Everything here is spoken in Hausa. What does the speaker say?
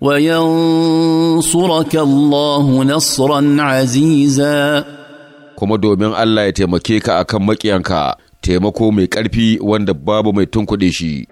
وينصرك الله نصرا عزيزا kuma domin Allah ya taimake ka akan maƙiyanka taimako mai ƙarfi wanda babu mai tunkuɗe shi